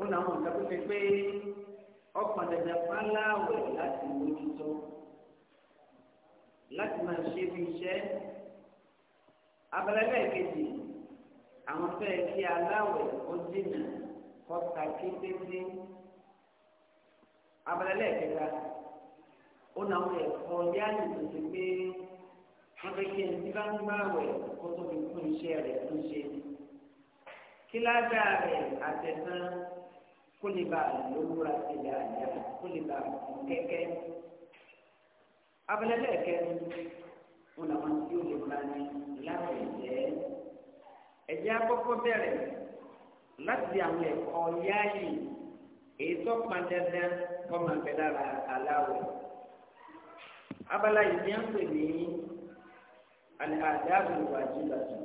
ó ní àwọn nǹkan tó fi pé ọkàn dẹ̀dẹ̀ fáláwẹ̀ láti mójútó láti máa ṣe bí iṣẹ́ abala lẹ́ẹ̀kejì àwọn fẹ́ kí aláwẹ̀ ó dènà kọ́ta kékeré abala lẹ́ẹ̀kẹta ó ní àwọn ẹ̀kọ́ yáàlì tó ti pé wọ́n fẹ́ kí ẹni tí bá ń gbá wẹ̀ kó tó fi kún iṣẹ́ rẹ̀ tó ṣe kí ládàá rẹ̀ àtẹ̀sán kó lè bá lówóra sí dáadáa kó lè bá kẹ́kẹ́. abẹ́lẹ́ lẹ́ẹ̀kẹ́rin wọn làwọn tí ó lè bá ní láti ẹ̀jẹ̀ ẹ̀jẹ̀ àkọ́kọ́ bẹ̀rẹ̀ láti àwọn ẹ̀kọ́ yáàyè èyí tó pọn dandan kọ́ máa bẹ lára aláwọ̀ abala yìí ni a ń pè ní àdáàbò ìwádìí lọ́sùn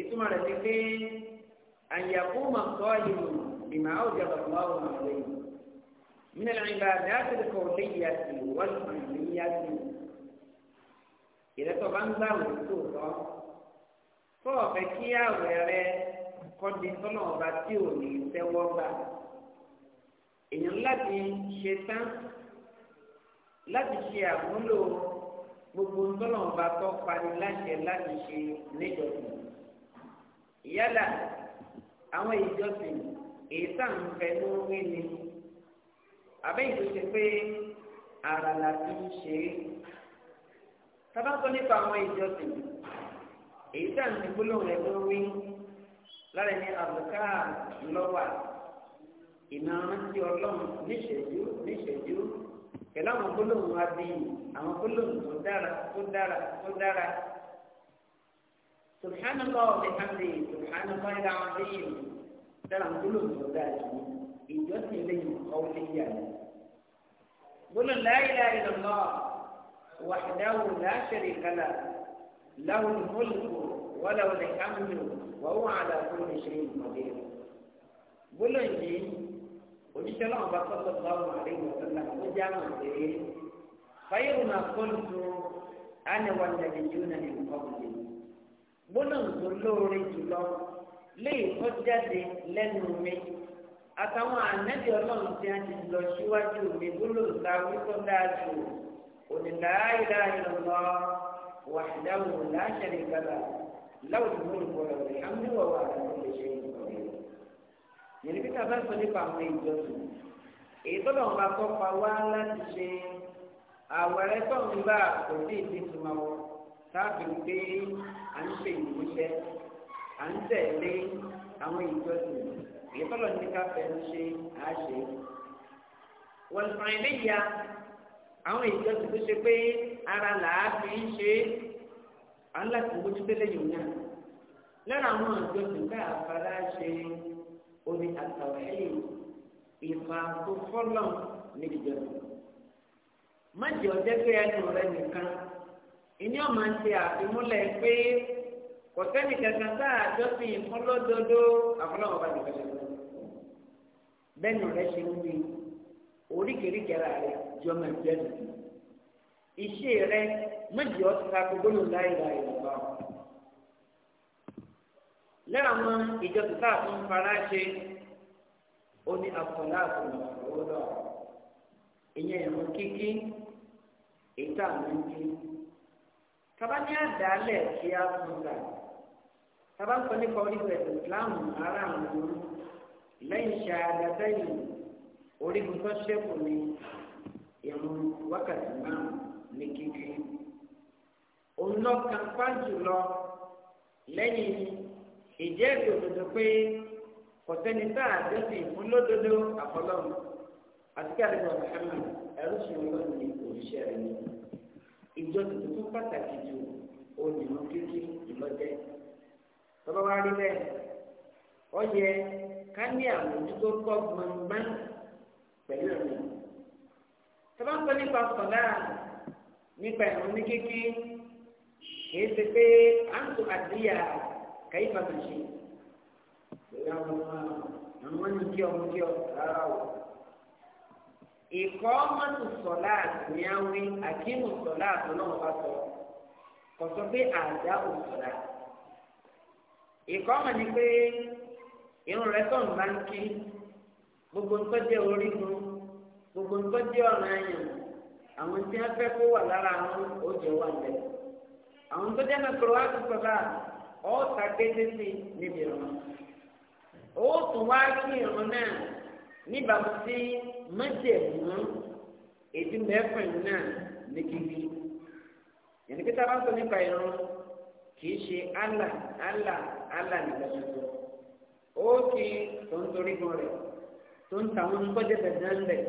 ìtumọ̀ rẹ̀ ni pé àyàkó màkọ́ yìí بما أوجب الله عليه من العبادات القولية والفعلية إذا تبان له السورة فوفكي أويري قد صنوبة تيوني سوابا إن الذي شيطان láti ṣe àmúlò gbogbo ńlọ́nba tó parí láṣẹ láti ṣe níjọsìn yálà àwọn ìjọsìn èyí tá à ń fẹnu wí ni àbẹ́yìn tó ṣe pé ara la fi ń ṣe é tábàtọ nípa àwọn ìjọsìn èyí tá à ń fi gbólóhùn ẹgbẹ́ wí lára ẹni àbùká lọ́wà ìmọ̀ràn tí ọlọ́run níṣẹ́jú níṣẹ́jú pẹ̀lú àwọn gbólóhùn abiyì àwọn gbólóhùn tó dára tó dára tó dára. سبحان الله وبحمده سبحان الله العظيم sára ń gbóló ní ọ̀dà àjùmọ̀ ìjọsìn lẹ́yìn ọ̀hún lè yà ní. gbóló láìlá ìlànà wàhídáwò láṣẹrì kálá láwọn mọ́lùkù wọ́lá wọlé ámúlò wọ́n wà á dàkú ní ṣe ìmọ̀lẹ́. gbóló yìí oníṣẹ́ náà bá tọ́tọ̀ báwọn àríwọ̀ sọ́nà ó já mọ̀ pé fáyọ̀rù máa kọ́ńtò ánìwọ̀n nàìjíríà ní nǹkan ọ̀gbìn. gbóló ń tó léyìí tó jáde lẹ́nu mi àtàwọn ànẹ́bí ọlọ́run tí a ti lọ síwájú mi gbólóńtà wípé dáadù ònílà ayélujára ìlọ́lọ́ wàhídáwò láṣẹ̀lẹ̀ gbàgbà láwùjọ mú ìfọ̀rọ̀ rẹ̀ amúníwọ̀ wà láti lè ṣe ìfọ̀rọ̀ rẹ̀. yẹ̀rì bí káfá sọ nípa àwọn ìjọsìn èyí tó lọ́n bá kọ́ pa wá láti ṣe àwọn ẹ̀rẹ́ tó bá kò sí ìdí ìtumọ̀ wọn táàbì pé à ń ṣe à ń tẹ̀lé àwọn ìjọsìn èyí tọ́lọ̀ ní káfẹ́ ń ṣe àṣe. wọ́n fàn iléyà àwọn ìjọsìn tó ṣe pé ara làáfi ń ṣe àwọn láti mójú tẹ́lẹ̀ yìí náà lára àwọn ìjọsìn tá a fara ṣe omi àtàwọn ẹ̀yìn ìfà tó fọ́lọ̀ ní ìjọsìn má jẹ́ ọjọ́ pé ẹnu rẹ nìkan ìní ọ̀ máa ń ṣe àfimúlẹ̀ pé kọ̀sẹ́nì kankan tá a jọ fi ọlọ́dọọdọ àfọlọ́wọ́ bá nìkan lẹ́nu bẹ́ẹ̀ni rẹ ṣe ń wí oríkèéríkèé ara rẹ jọ máa jẹ́ nù iṣẹ́ rẹ méjì ọ́ ti ta gbogbo láìláì lọ́wọ́ lẹ́yìn àwọn ìjọsìn tá a fún fara ṣe ó ní àfọlá àfọlá owó lọ ìyẹn ìrún kíkí èyí tá kí tabani àdálẹ̀ kí a fún ta tàbá ń sọ nípa orígun ẹ̀sìn islam ara àwọn ọmọ lẹ́yìn ṣáàdàtẹ́yìn orígun tó ṣẹ́kù ni ìrun wákàtí náà ní kíkí òun lọ kan fájù lọ lẹ́yìn ìjẹ́rìí òdodo pé kò sẹ́ni tá a dẹ́sìn ìmúlódodo àfọlọ́run àti kí àdébọ̀ Muhammad ẹ̀rú ṣe ọlọ́run ní òṣìṣẹ́ rẹ̀ ní ìjọ tuntun pàtàkì jù òdìmọ̀ kíkí tọ́lọ́ wá rí bẹ́ẹ̀ ọ yẹ ká ní àmójútó kọ́ gbọ̀ngbọ́n pẹ̀lú ẹ̀mí. tọ́lọ́ ń sọ nípa sọ̀dá nípa ẹ̀rọ ní kíkí kìí ṣe pé à ń tó àdíyà kàyí pàtó ṣe. àwọn ní kí ọmọ kí ọ rárá o. ìkọ́ mọ́tò sọ̀lá ní àwìn àkínú sọ̀lá àtọ̀nà ọ̀pá sọ pé àdá òṣùlá. ìkọ́ ọmọ ni pé irun rẹ tó gbogbo nǹkan jẹ́ orígun gbogbo nǹkan jẹ́ ọ̀nà ẹ̀yàn àwọn tí wọ́n fẹ́ kó wà lára àwọn oúnjẹ wà lẹ̀ àwọn tó jẹ́ mẹ́kọ̀rọ̀ wá ti sọ̀rọ̀ ọ́ ta sí níbi ìrọ̀rùn ó tún wá kí ìrọ̀rùn a bá kì í ṣe ala ala allah nìkan ṣoṣo ó kì í tó ń torí gan rẹ̀ tó ń ta àwọn nǹkan jẹ́ dandan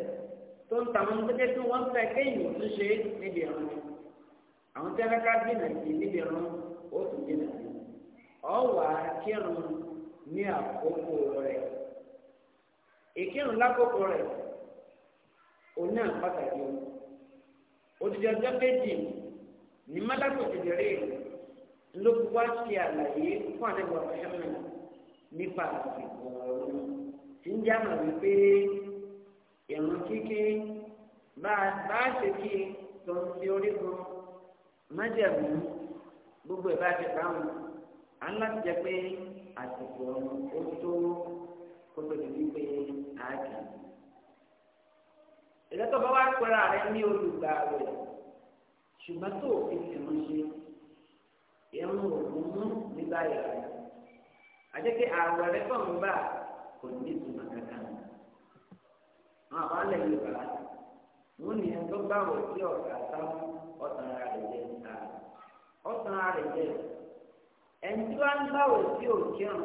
tó ń ta àwọn nǹkan wọ́n fẹ́ kéèyàn tún ṣe níbi ẹ̀rọ ni àwọn tí wọ́n ká dínà sí níbi ẹ̀rọ ó tún dínà sí kírun o òdìjọ́ kejì n'i mọ́tàkùn ti dẹ̀rẹ́ ló fi wá ṣe àlàyé fún àdébọ̀ Muhammad nípa àsìkò ọ̀run tí ń jámọ̀ wípé ìrun kíkí bá a ṣe kí tó ń fi orígun májẹ̀mú gbogbo ẹ̀ bá ti dáhùn á ń láti jẹ pé àsìkò ọ̀run ó tó kó tó di wípé a kì í. ìrẹ́tọ̀ bá wá pẹ́ra rẹ ní olùgbàwẹ̀ ṣùgbọ́n tó o fi tìrún ṣe. irun òkú mú nígbà yàrá àjẹkẹ́ àwọ̀ rẹ̀ kàn ń bà kò ní ìtumọ̀ kankan wọn àbá lẹ̀ yorùbá wọn ní ẹni tó bá wọ̀ sí ọ̀gá sáwọn ọ̀tàn ara rẹ̀ jẹ́ níta ọ̀tàn ara rẹ̀ jẹ́ ẹni tó ń bá sí òkè ó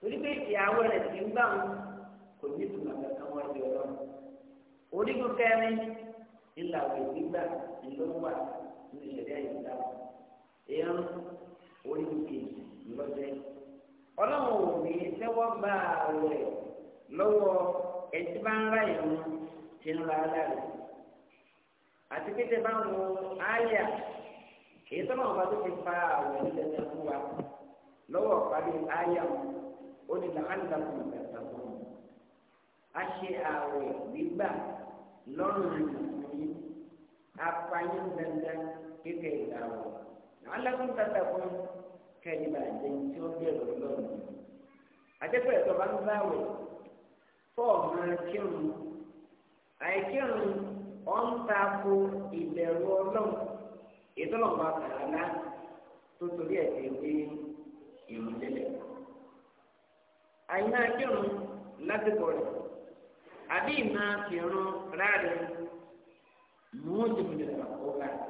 torí pé ìyàwó ti ń wọn kò ní kankan ní ìṣẹ̀lẹ̀ ìgbà ìrún orí kejì lọ́jẹ́. ọlọ́run ò ní tẹ́wọ́ bá ààrẹ lọ́wọ́ ẹtí bá ń ra ìrún tí ń ra aláàrẹ. àti pété bá ń wo àyà èyí tó náà bá tó fi pa fún amfanin dandan kíkẹ́ ìdáwọ̀ alákùn tata kún kẹ́líbà jẹ́ tí ó bẹ̀rù lọ́nà àjẹpẹ́ ẹ̀tọ́ bá ń báwẹ̀ fọ́ọ̀mù akírun àìkírun ọ̀n ta ko ìbẹ̀rù ọlọ́run ìtọ́lọ́mọ àkàrà tó torí ẹ̀ ti wí ìrùlélẹ̀ àyìnbá akírun lásìkò rẹ̀ àbí ìmọ̀ àfihàn rárẹ̀. موجب للمخلوقات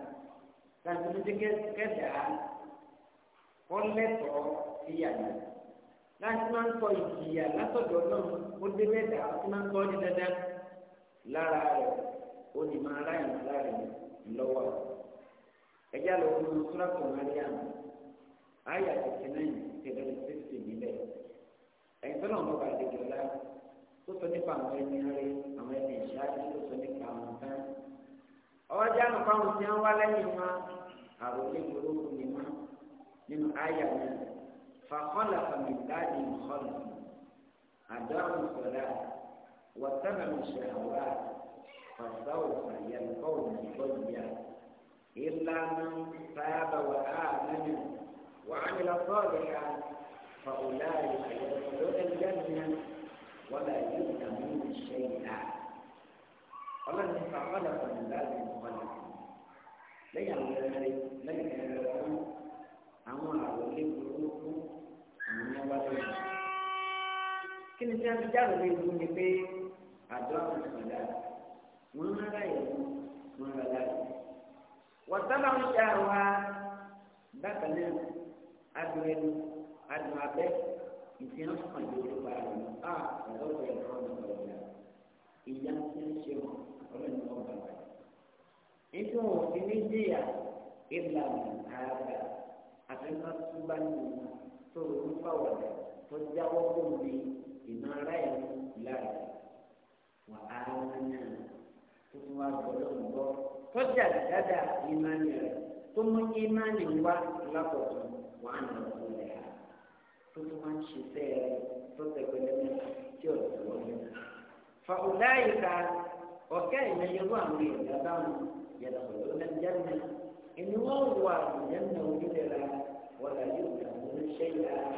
فانتمت كذا قلت فيها láti máa ń kọ ìjìyà látọ̀dọ̀ náà ó dé mẹ́ta láti máa ń kọ́ ní dandan lára rẹ̀ ó ní máa ráyè lára rẹ̀ lọ́wọ́ ẹ̀já lọ fún un sọ́dọ̀tọ̀ mariam àyà tẹ̀sán náà tẹ̀lé sixty nílẹ̀ ẹ̀yìn tó náà wọ́n bá dé jọlá tó sọ nípa àwọn ẹni rẹ̀ àwọn ẹni ìṣáájú tó sọ nípa àwọn kan. ọwọ́jà nǹkan ọ̀hún tí wọ́n wá lẹ́yìn wọn àròlé burúkú ni wọn nínú àyà náà fàkọ́là fàmìláàdì nìkọ́lù àdáhùn sọ̀rọ̀ wọ́tẹ́nà mùsùlùmá fàṣàwọ̀ fàyà nìkọ́lù nìkọ́lù yá ìlànà sábà wà á lẹ́nu وعمل صالحا فأولئك يدخلون الجنة ولا يظلمون شيئا ọlọ́run àkọọ́lẹ̀ pẹ̀lú láti ìkọlẹ̀ lẹ́yìn àwọn ẹ̀rẹ́ lẹ́yìn ẹ̀rẹ́ fún àwọn àròlé burúkú àwọn ẹ̀wá lẹ́yìn. kí ni tí a fi jáde lé ìlú ni pé àjọ àwọn ìgbàlá wọn ń rà ìlú wọn rà láyé. wọ́n sábà ń ṣe àwa bákan náà adùn ẹnu adùn abẹ́ ìfi hàn fún àjọ ìlú para ọ̀dọ́ ìgbà ẹ̀rọ ọ̀dọ́ ìyá ń ṣe wọn ọlọ́run náà bá wáyé. Ètò òfin ní jìyà ìlànà àgbà àfẹ́másúbá nínú tó ń fàwọ̀dà tó jáwọ́ fún mi ìmọ̀ ara ẹ̀ lára. Wà á nánà tó tún wá gbọ́dọ̀ ń bọ́. Tọ́jà dáadáa ìmánì rẹ̀ tó mú ìmánì wá lápọ̀tọ̀ wà á nà ọ̀tún rẹ̀ ha. Tó tún wá ń ṣiṣẹ́ rẹ̀ tó tẹ̀pẹ̀lẹ́ náà tí ọ̀tún wọlé. Fàwùláyìí ká. وكان يضام يضام يدخلون الجنة إن هو الجنة وجدلا ولا يظلمون شيئا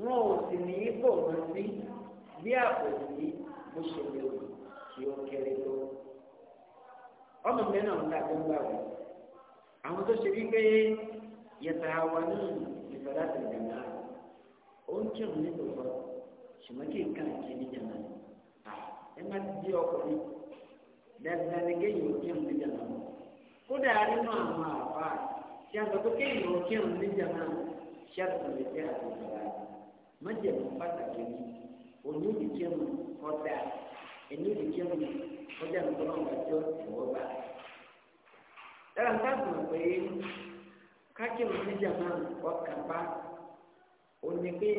موسمي بومسي بيأخذي بشدو يوكلتو ọmọ mi náà ń ta tó ń gbà wọ àwọn tó ṣe wípé yẹta wa ní ìfọdà tẹ́lẹ̀ náà ó ń kírun nítorí ṣùgbọ́n kí n kàn kí n jẹ náà ẹ má di ọkùnrin dandan ni kéèyàn ó kírun níjà náà kódà nínú àwọn àbá tí a sọ pé kéèyàn ó kírun níjà náà ṣàtúntò lè jẹ àtúntò májèlú pàtàkì ni òní òdì kírun ọ̀dà ẹni òdì kírun ọjà nìkan náà wájú ìwọ́ bá. dára ń dábòó pé kákírun níjà náà ọkàn bá òní pé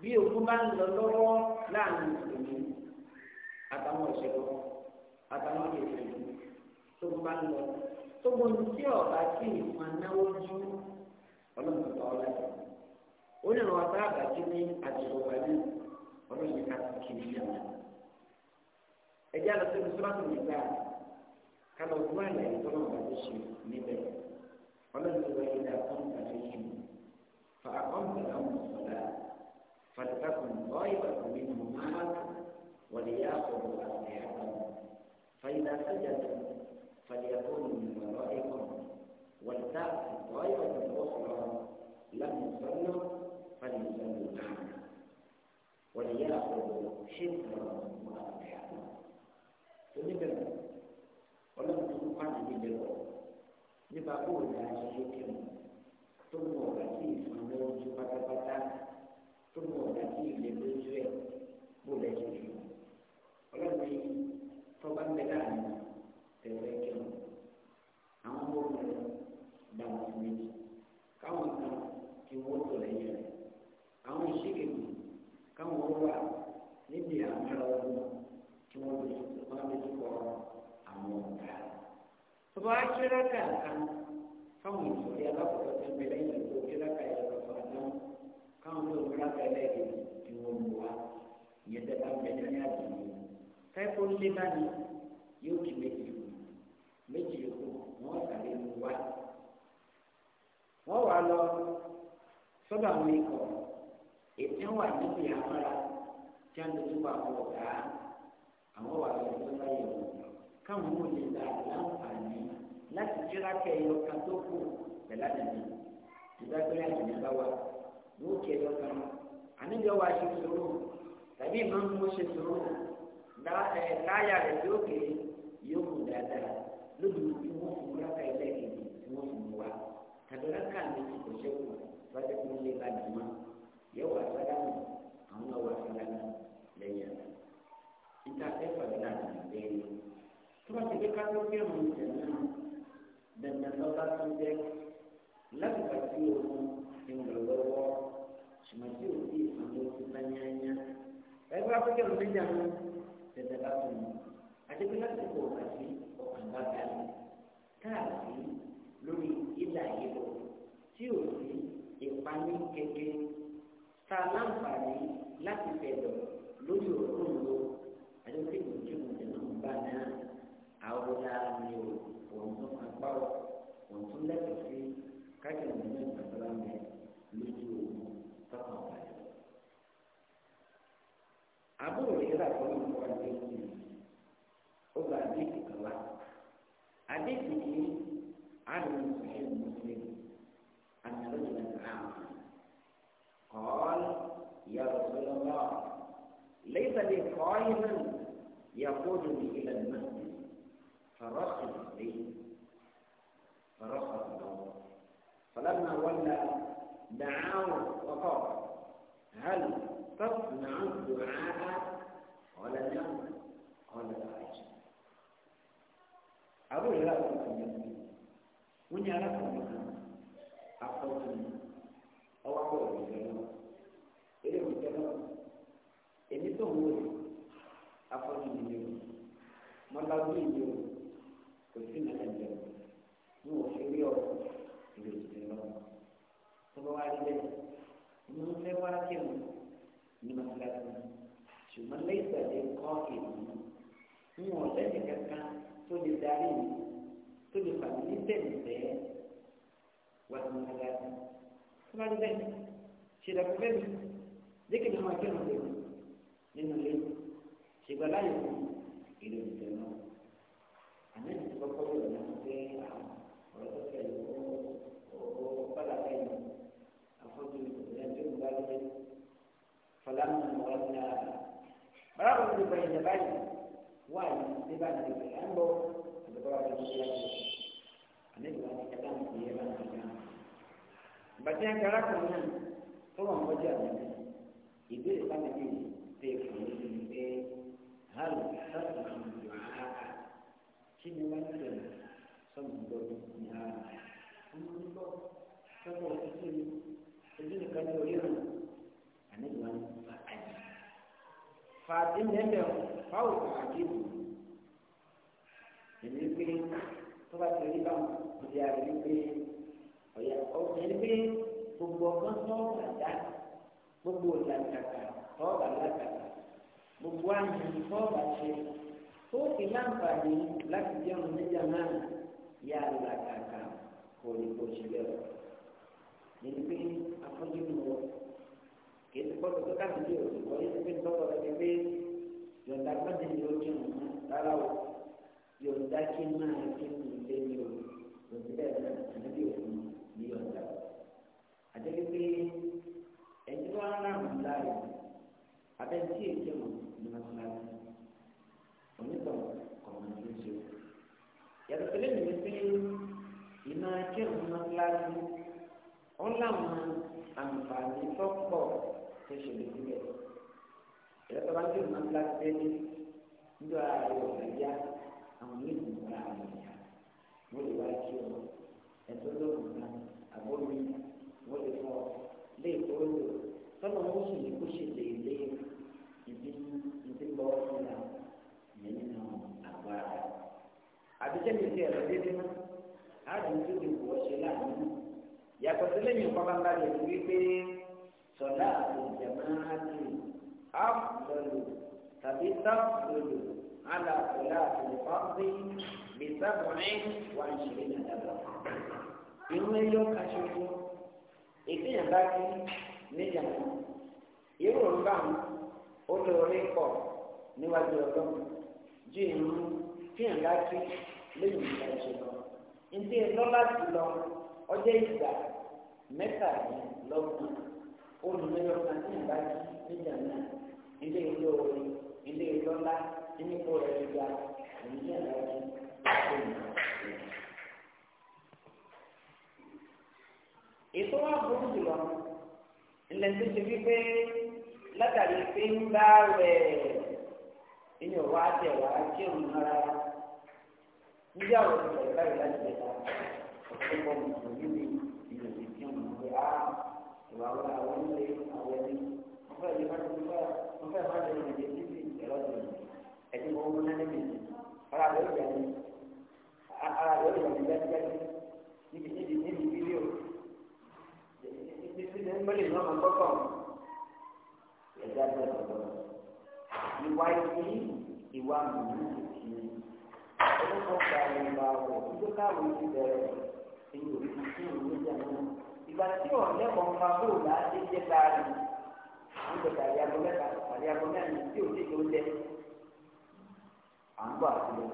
bí ogun bá ń lọ lọ́wọ́ láàrin ìlú àtàwọn òṣèlú wọn àtàwọn èèyàn ìlú tó bá ń lọ tó bọ́ ní tí ọ̀bá tí ìfún anáwó jú ọlọ́run bá ọlá yìí ó ní àwọn abá àbájú ní àjọyọ̀ ní ọlọ́run ká kiri yàrá ẹjẹ́ àlọ́sẹ́ ní sọ́lá tó ní gbà ká lọ gbọ́ ṣe níbẹ̀ ọlọ́run tó wáyé dá fún ìgbàlẹ́ yìí fa àkọ́ǹtà àwọn ọ̀sọ̀lá fàlùkàkùn ọ̀ ìbàkùn nínú máa wọlé yá àkọ́ǹtà àwọn ẹ̀yà فإذا سجدوا فليكونوا من ورائكم ولتأتي طائفة أخرى لم يصلوا فليصلوا معنا وليأخذوا حفظا وأسلحتهم فمثلا ولم تكن بجوع لبقول لا شيء tó mọ ọ̀gá tí ìfún lọ́wọ́ tó pátápátá tọ́ba ń bẹ láàrin tẹ̀lé kẹrin àwọn ọmọ rẹ dàgbà sí méjì káwọn kan kí wọ́n tó lẹ́yìn rẹ àwọn ìṣèkèkù káwọn wà níbi àwọn ará ọdún kí wọ́n lè wọ́n lè tó kọ́ àwọn ọ̀gá. tọ́ba akérè kankan káwọn ìṣòro alákòókò tó ń bẹ lẹ́yìn rẹ tó kéré kan yẹn lọ́sọ̀rọ̀ náà káwọn tó kéré kan lẹ́yìn rẹ fẹ́ kó lé bá ní yóò kí méjì yòókù méjì yòókù wọ́n sàlẹ̀ ní wá. wọ́n wà lọ sọ́dọ̀ àwọn ikọ̀ ètí wà níbi àmọ́ra tí a ń dojú pa àwọn ọ̀gá àwọn wà lọ sí ọ̀gá yẹ̀wò káwọn ò lè gba láǹfààní láti jíra kẹ ẹyọ kan tó kù pẹ̀lá dàbí ìdágbélé àjùmọ̀ bá wà wọ́n kẹ ẹyọ wa ṣe sòrò tàbí ìmọ̀ ń mú ṣe sòrò láyà rẹ̀ yóò kéré yóò mú dáadáa lóbi tí wọ́n fún wọn láka ilé kejì tí wọ́n fún wa tàbí láka méjì kò ṣẹ́kù fásitì kò lè ba dùnmọ́ yóò wá sálámù àwọn náà wá sálámù lẹ́yìn àná. níta ẹ̀fọ́ ìlà àti ìbéèrè tí wọ́n ti gbé kátó kírun ìjẹ̀mú dandan lọ́ba tó jẹ́ láti gbà tí òun ti ń lọ lọ́wọ́ ṣùgbọ́n tí òun ti ìfọ̀n tó ti bá yányá. ẹgbẹ́ afẹ́kẹ́ òun méjì àwọn tẹ̀sẹ̀ bá tún un àdébí lásìkò àti ọ̀kan bá balẹ̀ káàkiri lórí ilà ìbò tí ò sí ìpamí kékeré tá a láǹfààní láti bẹ̀rẹ̀ lórí òkun lò àdébí ìjọ ìjọba bá náà àwọn láàmì òun tó máa gbá ọ òun tó lẹ́tọ̀ọ́ sí kájọ̀ nínú ìgbàgbọ́ mẹ́ lójú òun tọkàn balẹ̀. àbúrò yìí rà fọlọ́mù. حديثه عن صحيح مسلم أن رجلا عاما قال يا رسول الله ليس لي قائما يقودني إلى المسجد فرخص لي فرخص له فلما ولى دعاه وقال هل تصنع الدعاء قال نعم قال لا أجل àbúrò yìí láti ọ̀sán yẹn ti wọ́n ní alákùnrin kan afọ́jú ni ọwọ́ akọ̀ ìgbẹ́ náà eré ìgbẹ́ náà èmi tó ń wò yìí afọ́jú ni yóò mọ́láwó yìí yóò kò sí nàá ẹ̀jẹ̀ ní wọ́n fi rí ọ̀rọ̀ ìlú ìgbẹ́ náà tó bá wá rí bẹ́ẹ̀ ní wọ́n fẹ́ wá kí ẹ̀mú ní mọ́láwó ṣùgbọ́n lẹ́yìn ìgbà tí kọ́ ìlú ń lẹ́yìn kankan tó lè darí tó lè pàdé ní tẹ̀lifẹ̀ wà ní ọ̀gá tó bá rí bẹ́ẹ̀ ṣe dàgbà bẹ́ẹ̀ mi lékè ní ọmọ akẹ́rù rẹ̀ nínú ilé ṣègbà láyé fún ìlú ìfẹ́ náà àmì ìtì kọ́kọ́ yóò náà pé ọ̀rọ̀ tó fẹ́ lò ó ó padà bẹ́ẹ̀ ni àfọ́jú ìpínlẹ̀ tó ń bá lóde fọlá ń ọ̀rọ̀ náà. yìí wáyé ní bá ti fi ẹ̀ ń bọ̀ àdúgbò wa ti fi ẹ̀ bọ̀ àníbi wa ti ẹ̀ bá ń fi ẹ̀ bá ń fi ẹ̀ bá. bàtí ẹ̀ kára kan náà tó wà mọ́jú àdúgbò ìbéèrè sábà bíi ṣe fún mi ní pé hàlù sọ́ọ̀tù àwọn àhàkà kí ni wọ́n ti rẹ̀ sọ́ọ̀tù gbọ́dọ̀ ní ara ọmọ nígbọ́ sọ́ọ̀tù òṣìṣẹ́ mi ojú nìkan ní orí rẹ̀ àníbi wa ti fa wà ní bọ́ọ̀bà ṣe tó fi láǹfààní láti jẹun níjà náà yá làkàkà kò ní kò ṣe bẹ́ẹ̀ nínú pé afọ́jú ni wọ́n kì í ti kọ́ tuntun káàdì yìí òsì wọ́n yé pé tọ́kọ̀ rẹ̀ ti pé yọ̀ǹda gbọ́dọ̀ ni ó jẹun náà rárá o yọ̀ǹda kí máa kí n lè ní o lòdì bẹ́ẹ̀ náà ànábì òfin ní yọ̀ǹda o àti pé ẹni wọ́n rárá mọ̀ láàyè abẹ́ntí èjì mọ̀ yàtọ̀ sílẹ̀ ní pé ìmọ̀ akẹ́rùn máa ń lájú ó láwọn àǹfààní tó pọ̀ tó ṣẹlẹ̀ sílẹ̀ yàtọ̀ bá ń tẹ̀ máa ń lájú tẹ́lẹ̀ níjọ ara rẹ̀ ọ̀gá yá àwọn yìí kò mọ́ra àwọn ènìyàn wọ́n lè wá kí ọ ẹ̀tọ́ lóògùn náà àbómi wọ́n lè fọ́ lé ìkórè tọ́lọ̀ ń sùn ní kó ṣe lè lé ìdí ìdí lọ́wọ́ fún wa ìyẹn nínú àgbára rẹ̀ àbíkẹ́ni ti ẹ̀rọ dédé mọ́ àdùn tó ti wọ̀ ṣe láàánú yàtọ̀ sílẹ̀ yìí kọ́ bá ń bá yẹ kí wípé sọ̀lá àtòjàmá àti àfọlù tàbí tàfọlù alàfọlà àtòlùfọ́sí bìtàbọ̀rin wà ń ṣe ìdàgbà. irú ẹyọ kaṣoṣo ìpínyà bá kí níyàwó irú òun bá ń ó lóore pọ̀ níwájú ọlọ́run ju ìrún tí ẹ̀ láti lẹ́yìn ìgbà ìṣẹ̀lọ. Ndé lọ́lá ti lọ ọjọ́ ìgbà mẹ́tàlélọ́gbọ̀n olùmẹ́yọ̀ kan tí ẹ̀ láti níjà náà ilé ìlú orin ilé ìlọ́lá nípò rẹ̀ gba ìyá láti lẹ́yìn ètò wa burú jùlọ ilẹ̀ tó ṣe wípé látàrí pé ń bá rẹ̀ ẹ̀yìn ọ̀wá àti ẹ̀wà jẹun rárá níbi àwọn ìṣẹ̀lẹ̀ ìbáyìí láti lè ta ọ̀pọ̀lọpọ̀ mùsùlùmí ní ìlú ìdí òun pé á ah, ìwà àwọn ilé àwọn ẹni wọ́n fẹ́ẹ́ lè má ti fẹ́ wọ́n fẹ́ẹ́ má lè lè lè ní ti ẹ̀rọ tó lè ẹ̀dín wọn mú náà níbi ara rẹ̀ ó yàrá ara rẹ̀ ó yàrá jáde níbi níbi níbi fídíò níbi níbi mọ́lẹ̀ náà máa kọ́kọ́ ẹ̀dá bẹ́ẹ̀ ìwà ìwà mùsùlùmí orúkọ gba ìgbà wò ìjọ káwé ti bẹ̀rẹ̀ èyí ò fi sí ìwé ìjànà ìgbà tí ọ̀lẹ́ kan fa bóòlù láti jẹ́ káàdì nígbà tí àyàgò mẹ́ta àyàgò mẹ́rin tí ò tètè ó jẹ́ à ń bọ̀ àtúnyẹ̀.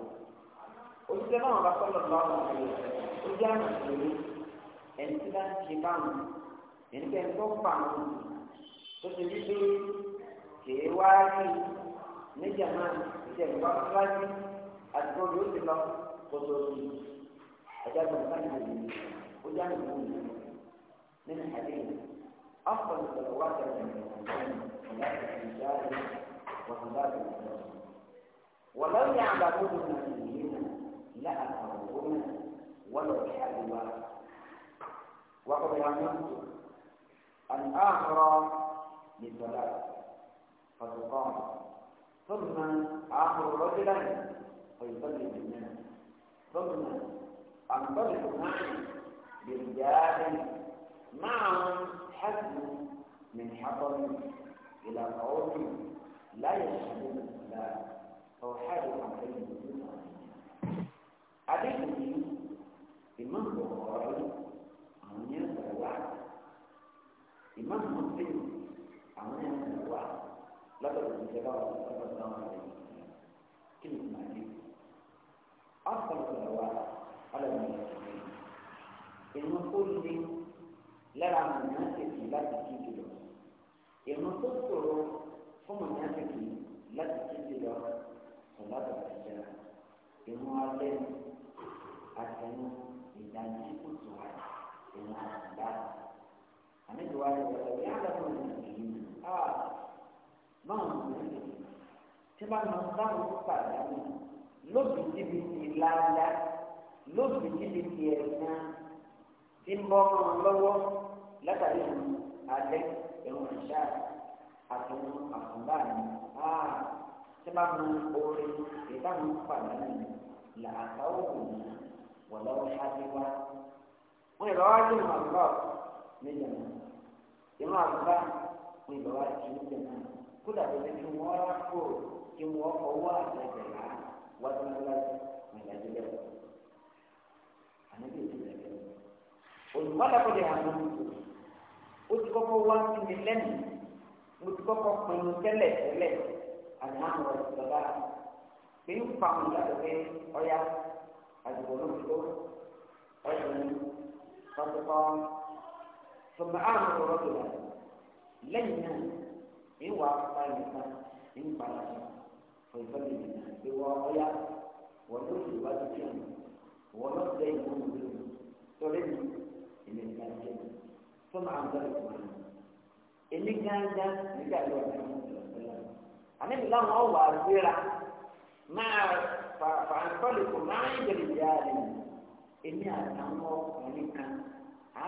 òṣìṣẹ́ náà bá kọ́ lọ́dọ̀ àwọn ọ̀rẹ́ ó jẹ́ àmì ìṣòro ẹni tí wọ́n ti báwọn ẹni tẹ́ ń tọ́ fà wọn tó ti rí pé kèé wá rí níjà náà ìjẹ̀bú wá síwájú. àdúgbò yóò ti lọ kótó ní ẹjẹ gbọmọgbà ní ìlú ó já ní ìlú ìlú nínú àdéhùn afọ ìṣòro wà tẹlẹ ọlá ìṣòro wàhálà ìṣòro wọlọ ní àgbàdo ní ìlú ilé àtàwọn gómìnà wọlọ ní àdúgbò وقد يموت الآخر للصلاة فتقام ثم آخر رجلا ويصلي بالناس ثم انطلق معي برجال معهم حزم من حطب إلى قوم لا يشهدون الاسلام أو حاجة علم الدين حديث إمام بخاري عن ينزل واحد إمام مسلم عن ينزل واحد لقد انتبه الله le lára mọ̀nàfíkì láti kí jùlọ ìrún tó ṣòro fún mọ̀nàfíkì láti kí jùlọ sọ̀lá bàtà jà ìrún alẹ́ àtẹnu ìdájí kùtù wa ìrún àtìgbà àmì wa yóò wọlé bí aláwọ̀ ní ìlú a ah, máa ń wọlé tí bá máa ń dáhùn pàdánù lóbi síbi ti lóbi síbi ti ẹ̀sán tí ń bọ́ ọmọ wọn lọ́wọ́ látàrí ìlú alẹ́ ẹ̀rùn ìṣá àtúnú àtúnbá ni á tí bá mú orin ìdáhùn pàdánù là àtàwọn òkùnrin wọ̀ lọ́wọ́ ṣáájú wá. wọ́n ìlọ́ wá sí ìmọ̀ àgbà níjà náà ìmọ̀ àgbà wọ́n ìlọ́ wá sí níjà náà kódà tó ti fi wọ́n rà kó kí wọ́n fọwọ́ àtẹ̀tẹ̀ rà wá sí níjà náà ìlàjì lẹ́wọ̀. àníbi ìdílé lẹ́wọ̀ olùkọ́dàkọ́ lè hàn lóko ó ti kọ́kọ́ wá sí mi lẹ́nu mo ti kọ́kọ́ pinnu tẹ́lẹ̀ tẹ́lẹ̀ àdìmáàmù rẹ̀ lọ́dà pé ń fa àwọn ìyàtọ̀ pé ọ̀yá àdìgbò ló ń tó ọ̀yìn pàtẹ́kọ́ fọmọ àmì ọ̀rọ̀ tó wà lẹ́yìn náà ń wà pa ìyàtọ̀ ń pa ìyàtọ̀ fún ìfọ́lẹ̀ ìyàtọ̀ pé wọ́n ọ̀yá wọ́n ló ti wá sí fíìmù wọ́n ló ti dẹ́ mi lónìí torí mi èmi nìkan jẹ́ mi fún àwọn ọ̀dọ́ ìkùnà èmi gángan nígbà tó wà ní ọ̀sẹ̀ àníbi láwọn ọ̀wà àgbéra máa fàǹfọ̀lì kò máa ń jẹ̀lẹ̀ ìyá rẹ̀ èmi àtàwọn ọkùnrin kan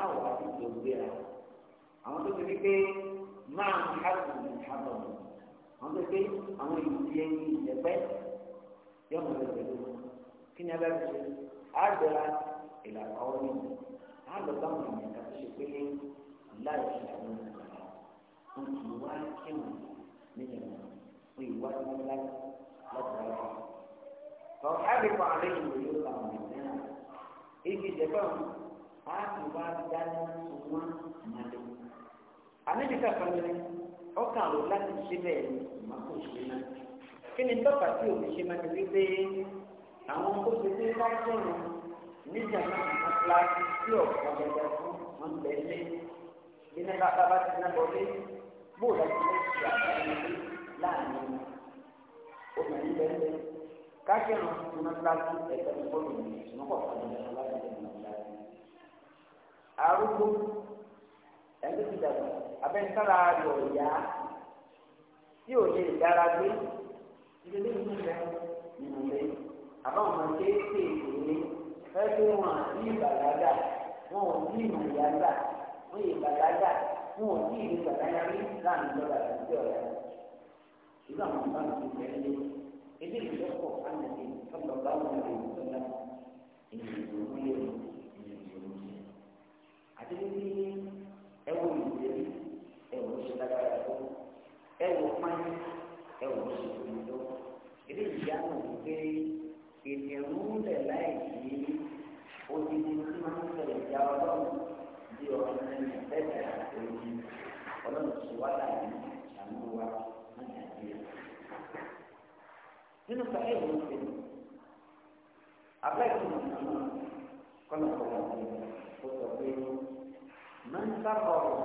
àwọ̀ àdìjọ gbéra àwọn tó ti rí pé máa ń hàbùn ìhàbọ̀ àwọn tó pé àwọn ìdí ẹyin ìdẹ́gbẹ́ yọ̀mọ̀ rẹ̀ pẹ̀lú kí ni abẹ́rẹ́ ṣe àgbẹ̀ra ìlànà ọ̀rọ̀ nìyí. á lọ bá àwọn èèyàn kan tó ṣe pé láì ṣe àwọn ìgbàlá wọn kì í wá kírun níyàn wọn kì í wá ní láì lọ́kùnrin kan. Bàbá àbíkọ àlẹ́ ìlú yóò bá àwọn èèyàn náà. Igi ìjẹ̀bọ̀n á ti wá dání wọn mọ́lẹ̀. Àníbíkà kan ní ọkàn àrò láti ṣe bẹ́ẹ̀ ni màkò ṣe náà. Kí níjà náà ní kíláàsì tí ọ̀pọ̀ ọ̀dọ̀ fún wọn bẹ̀ lé iná bàbá bá ti ná lọlé bó láti lè ṣe àbáyé láàrin wọn obìnrin bẹ́ẹ̀ lé kákẹ́rùn ti ná kíláàsì ẹ̀ka ìfọ́nù ìṣúná pọ̀ pọ̀ ní ọ̀la ìṣẹ̀lẹ̀ ní kíláàsì. arúgbó ẹni tí dàgbà abẹ́ńtàrà ayọ̀ ìyá tí ò lè dára gbé ìdílé ìlú rẹ̀ nínú rẹ̀ àbáwọn ọmọ kéékèèké fẹ́ẹ́ wọn àti ìbàlágà wọn ò ní ìmọ̀lẹ́gbà wọn ìbàlágà wọn ò ní ìlú bàlágà rí láàrin lọ́la àti ọ̀la. ìlú àwọn ọba mi ti bẹ̀rẹ̀ lé ebi ìlọ́pọ̀ ànàdé tọ́lọ̀ bá wọn lè wọ́n lọ èyí ìlú wúlé o èyí ìlú wúlé. àti wípé ẹ wo ìlérí ẹ wò tó ẹ wò ó pányín ẹ wò ebi ìyá ìdìrúlẹ̀ láì sí odidi tí wọ́n ń sọ̀rọ̀ ìjà ọlọ́run bí ọ̀rọ̀ ẹni ẹ̀fẹ̀ àti ojú ọlọ́run ti wá láàyè ìṣàmúlò wa ní nàìjíríà. nínú sàlẹ̀ ìlú ṣe abẹ́ẹ̀kú nìkan kọ́nà kọ́nà kó sọ pé máa ń sábọ̀rọ̀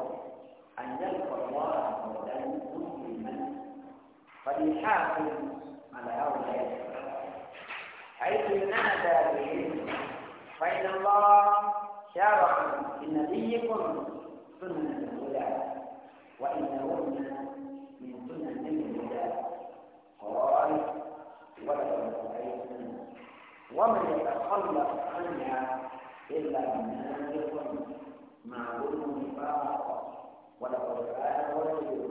àjẹkọ̀ọ́ àkọ́dá ní oṣù mẹ́rin fàdí ṣáàfin àlàyé àwọn ẹ̀ṣọ́. حيث نادى به فإن الله شرع لنبيكم سنة الهدى وإنهن من سنة الهدى قال ولقد رأيتنا ومن يتخلص عنها إلا منافق معلوم نفاق ولقد رأى رجل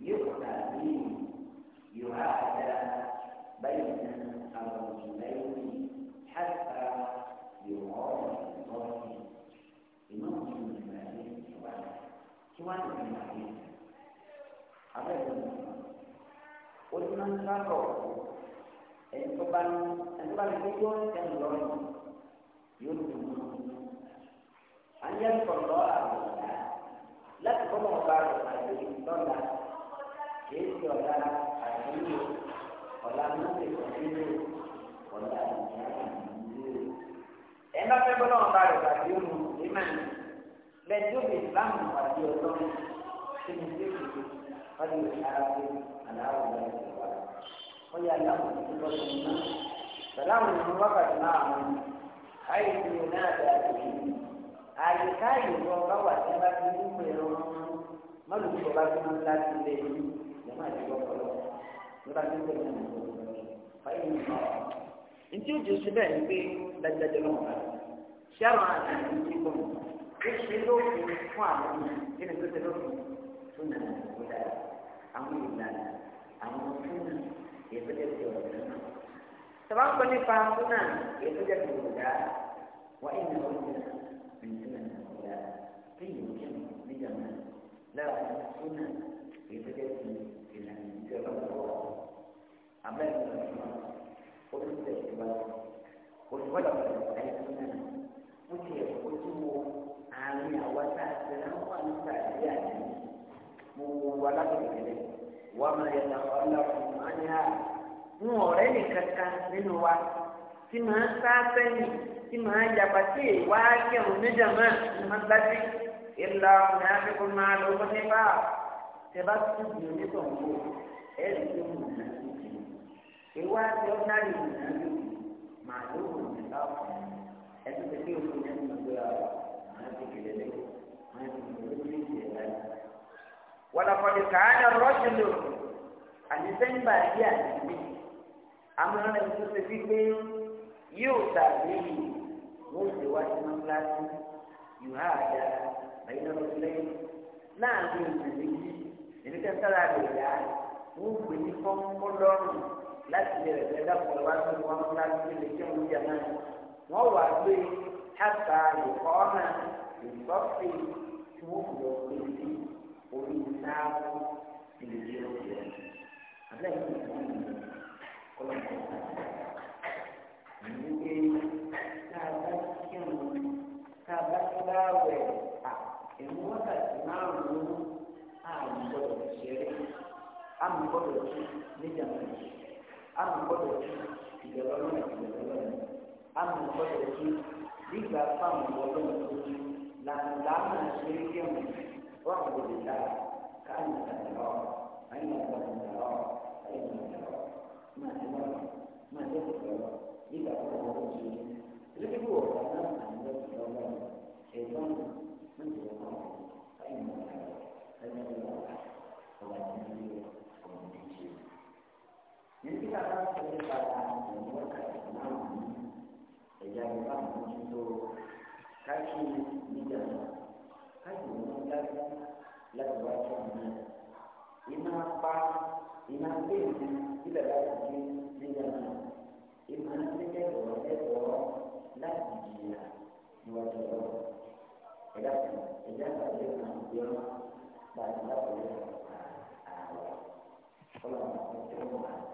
يؤتى به يهادى بين الرجلين حتى يقال الظهر إمام ابن مالك كمان كمان ابن مالك هذا قلنا نشاطه أن تبان أن تبان كيون كان لون يوم أن يذكر الله لا تقوم بارك الله كيف يقول ọ̀la ló ti kọ̀ nínú ọ̀la ìyá nínú. ẹ bá fẹ́ bọ́lá ọ̀la rẹ̀ tàbí òun ní mà ní lẹ́jọ́ lè láàmú àti ọ̀tọ́ tí mo ti kù wọ́n lè ara pé aláwọ̀ rẹ̀ ti wà. ó yà láwọn tó bọ́ sí iná. sàlámù ní wákàtí náà mú ayé tí mo náà dá àtúnṣe ìlú ọba wà tí bá ti ń pè é lọ́wọ́ mọ́lùmí nígbà tí ó tẹ̀lé ní ọ̀rọ̀ fàyè ní ọ̀rọ̀ ntí ó jù sí bẹ́ẹ̀ ni pé dájúdájú ló ń bá ṣé àwọn àti ìdí kò ní ó ṣe lófin fún àwọn ènìyàn kí ni tó ṣe lófin fún nàá kó dára àwọn ìlànà àwọn fúnà èso jẹ́ ti ọ̀rọ̀ náà tọ́wọ́n kọ́ nípa fúnà èso jẹ́ ti ọ̀rọ̀ dáa wà á ìnà ọ̀rọ̀ náà ìnà ọ̀rọ̀ dáa tí yìí kí ni níjàmbá lára fúnà èso jẹ́ ti ìlànà ìjọba ọ̀rọ̀ abẹ́rẹ́ ìgbà olùsẹ̀ ìgbà olùwọ́dà àìsàn ó ti ẹ̀ ojú wo àárín àwọn tá a ti rán wà nípa ìdí àná mo wo wa lábẹ́rẹ́ wà máa yẹ ta ọlọ́run máa ní à ń ọ̀rẹ́ nìkan kan nínú wa tí màá sá sẹ́yìn tí màá yàgbà sí ìwà kẹrùn níjàmá ní màá gbájú ìlà ọ̀nà àfikún máa lọ bọ́ nípa tẹ bá tún bí onítọ̀hún ẹ̀rí tó mú un náà ìwà tí ó náà yìí nà ní màá ló wù ní báwọn ẹni tó kí òkú yẹn ní ìgbé àwọn màá ti kéré lé màá ti kéré lé ní ìgbé láyé. wàlàkọ̀dé kàánà rọ́ṣìlò àti sẹ́ńbà yí àdìgbì amúnára ẹni tó ṣe fi pé yóò tàbí wọ́n ṣe wá sí mọ́tíláṣí yóò há àdá bàyí náà lọ sílẹ̀ láàrin ìgbà méjì èmi kẹ́ńtàrà rẹ̀ yá wọ́n gbé ní kọ́ńkọ́ lọ́rùn láti lè rẹ̀ fẹ́ dákùn wá sí wọn láti lè kí wọn yà náà wọ́n wà gbé hàtà ìkọ́ náà ìtọ́sí tí wọ́n fi lọ pé sí orí náàbù ilé tí ó yẹ. Abẹ́rẹ́ mi kò ní kọ́lọ́mù ìlú pé tá bá kí wọn bá kí bá wẹ̀ à èmi wákàtí márùn-ún àmì gbọ́dọ̀ ṣeré àmì gbọ́dọ̀ tún níjàmbá yìí àmì gbọ́dọ̀ tí ìjọba lọ́nà ìjọba lọ́nà àmì gbọ́dọ̀ tí nígbà fáwọn ọlọ́run tó ti làmùlàmù ṣe é yẹ̀ wọ́n wà lóde dáa káàmì ìtàlọ́ àyìn ìtàlọ́ àyìn ìtàlọ́ máa ti lọ́ máa ti lọ́ nígbà fáwọn ọlọ́run tó ti lẹ́gbẹ̀ẹ́ wọ̀ ọ́ náà àyìn ìtàlọ́ ẹ̀gbọ́n mi ń bọ̀ ọ́ àyìn ìtàlọ́ àyìn ìtàlọ́ ọ̀gá ìtàlọ́ Jadi kita akan berbicara tentang kenal Sejak kita mencuci kaki bijak, kaki bijak, lalu baca Ina apa, ina ini tidak ada di bijak. Ina ini kalau itu lagi dia dua jam. Ada, ada ada yang dia baca dia. Kalau kita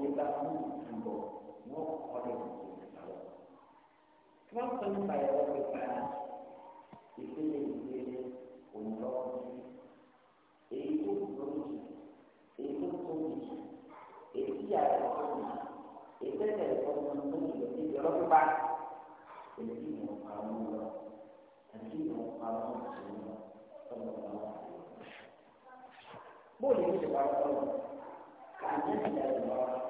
ayé bá mú ìtúbọ̀ wọ́n kọ́ lè kó ìtàwọ̀. tí wọ́n sọ nípa ẹ̀rọ pípa ìpele ìpele òǹlọ́ọ̀dún èyí tó lórí èyí tó tóbi èyí tí ààrẹ tóbi èyí tẹ́tẹ̀ ìfọ́nmọ́ lórí èyí ọ̀rọ̀ pípa èyí tí ìwọ̀n pa wọ́n lọ àti ìwọ̀n pa wọ́n sí wọn tọ́lọ̀ bóòlù yóò ṣe wá lọ́wọ́ kàmí ìyá ìwọ̀n.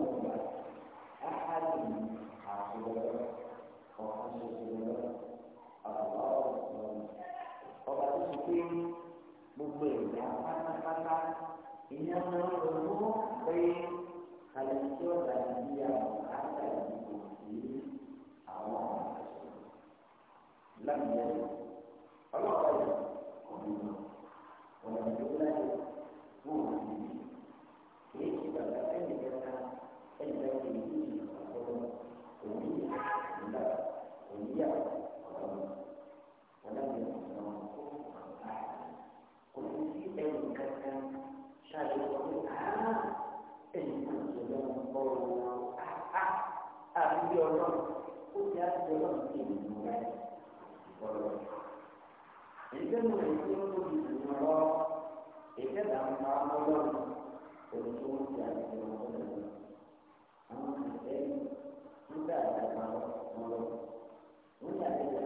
apa kata ini menurutmu baik kalau dan dia berada di kursi Allah Rasulullah. Allah Rasulullah. ya tolong kita tolong itu mungkin untuk Allah itu dalam amalan untuk jadi orang amal kita ada malam malam kita ada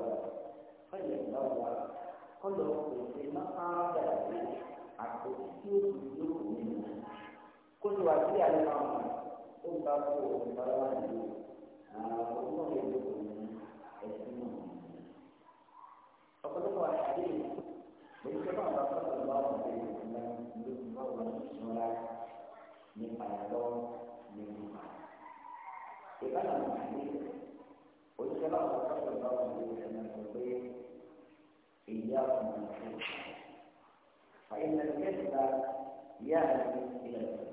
التوبة فيتبوأ قلوب المقعد القدسي منه كل وسيع لهم تنبقوا بروانه وأمور لكم اسمهم فقلت الحديث بالكتاب رسول الله صلى الله عليه وسلم بالمروة الشمالات من قيادات من مقعد إذا لم الحديث قلت له صلى الله عليه وسلم إياكم أن تكذب فإن الكذب يأتي إلى الفجر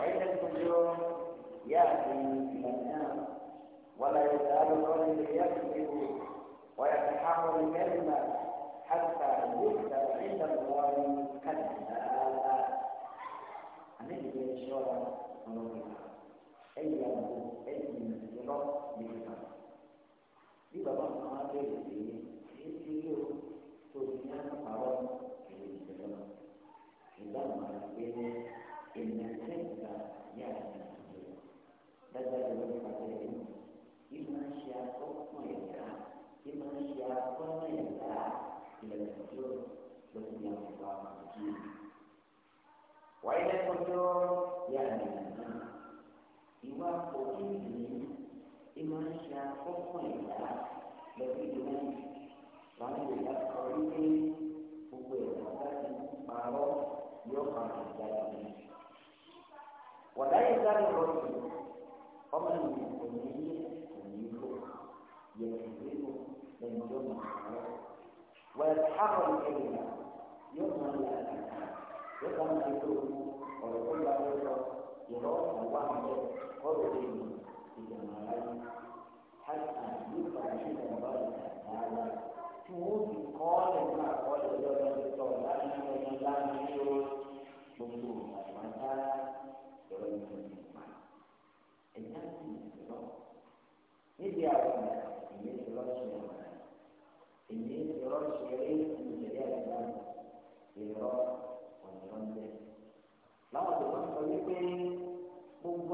وإن الفجور يأتي إلى النار ولا يزال الرجل يكذب ويتحمل الكلمة حتى يكتب عند الله كذاب هنجد الشورى ونقول أيام أيام lọ nípa bí bàbá mi máa bẹ̀rẹ̀ sí ní ṣé tí ilé o tó ti ní àpárọ̀ ẹ̀yẹ ìṣẹ̀lẹ̀ lọ ìgbà máa ń gbé ní ènìyàn sẹ́yìnká ní àyàtọ̀ ìṣẹ̀lẹ̀ dájúdájú ló ń pàṣẹ ìlú bí máa ń ṣe akọ́kọ́ ẹ̀dá bí máa ń ṣe akọ́kọ́ ẹ̀dá ilẹ̀ tó lọ sí ní àpò àwọn ìṣẹ̀lẹ̀ wáyé lẹ́kọ̀ọ́ yá ìwà kò ìlú ìmọ̀ọ́nṣà fọ́fọ́ ìgbà lọ́dún ìlú làwọn ìyá kọ wípé gbogbo ìgbà láti parọ́ yóò kàn án jáde ní. wàláyé sáré rọ̀tù ọmọ ènìyàn kò ní í kò ní í kó yẹ kò ní í kó lẹ́nu tó mọ̀ ọ́. wẹ́ẹ̀ áwọn ìkẹyìn yóò mọ̀ ní àgbà yóò kàn án lé lóru ọ̀rọ̀ tó lọ́wọ́ sọ ìrọ̀ ọ̀wá ń bẹ̀ kọ́ lórí ìlú. الجماعات حتى يقع شيء الله تعالى شهود قال ما قال ولا يقول لا يقول لا يقول ممنوع وانت ولا يقول الناس يقولون نبي أقول إني ترى شيئا إني ترى شيئا من جلال الله يرى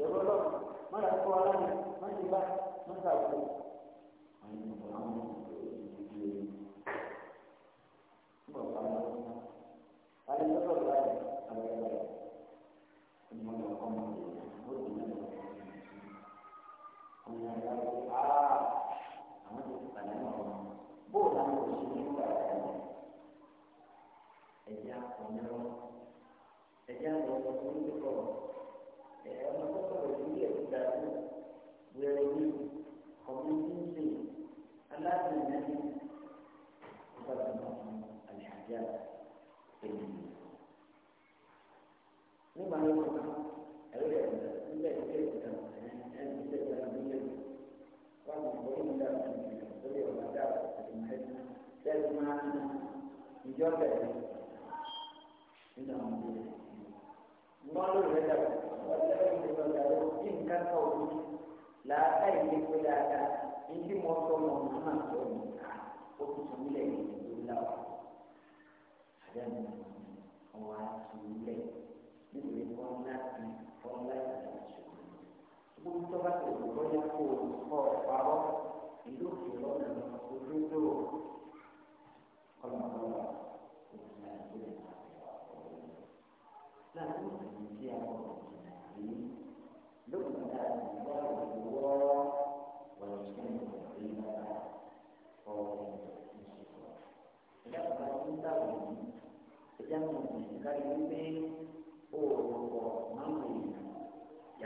lọ́wọ́ lọ́wọ́ má lọ kọ́ ọ lánàá má ti bá má ta òkú. yọ bẹ̀rẹ̀ nínú àwọn ọmọdé rẹ̀. Mọ́lú rẹ̀ dàgbà wọ́n ti rẹ̀ ìdílé ọ̀gá ló kí nǹkan kan ò ní làákà ìdílé pé dáadáa ní mo sọ mọ̀ mọ́ náà tó ní ká ó tún sọ nílẹ̀ ìdílé tó láwà. Àdéhùn ọmọ àti ilé nítorí wọn láti fọ́n láti ṣàṣùkú. Gbogbo tó bá tẹ̀lé bọ́yá kó o kọ́ ọ̀pá ìlú òkè lọ́nà ojú tó o.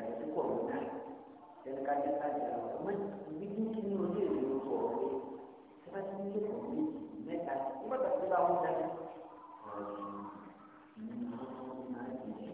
Yang cukup benar Dan kadang-kadang Mencari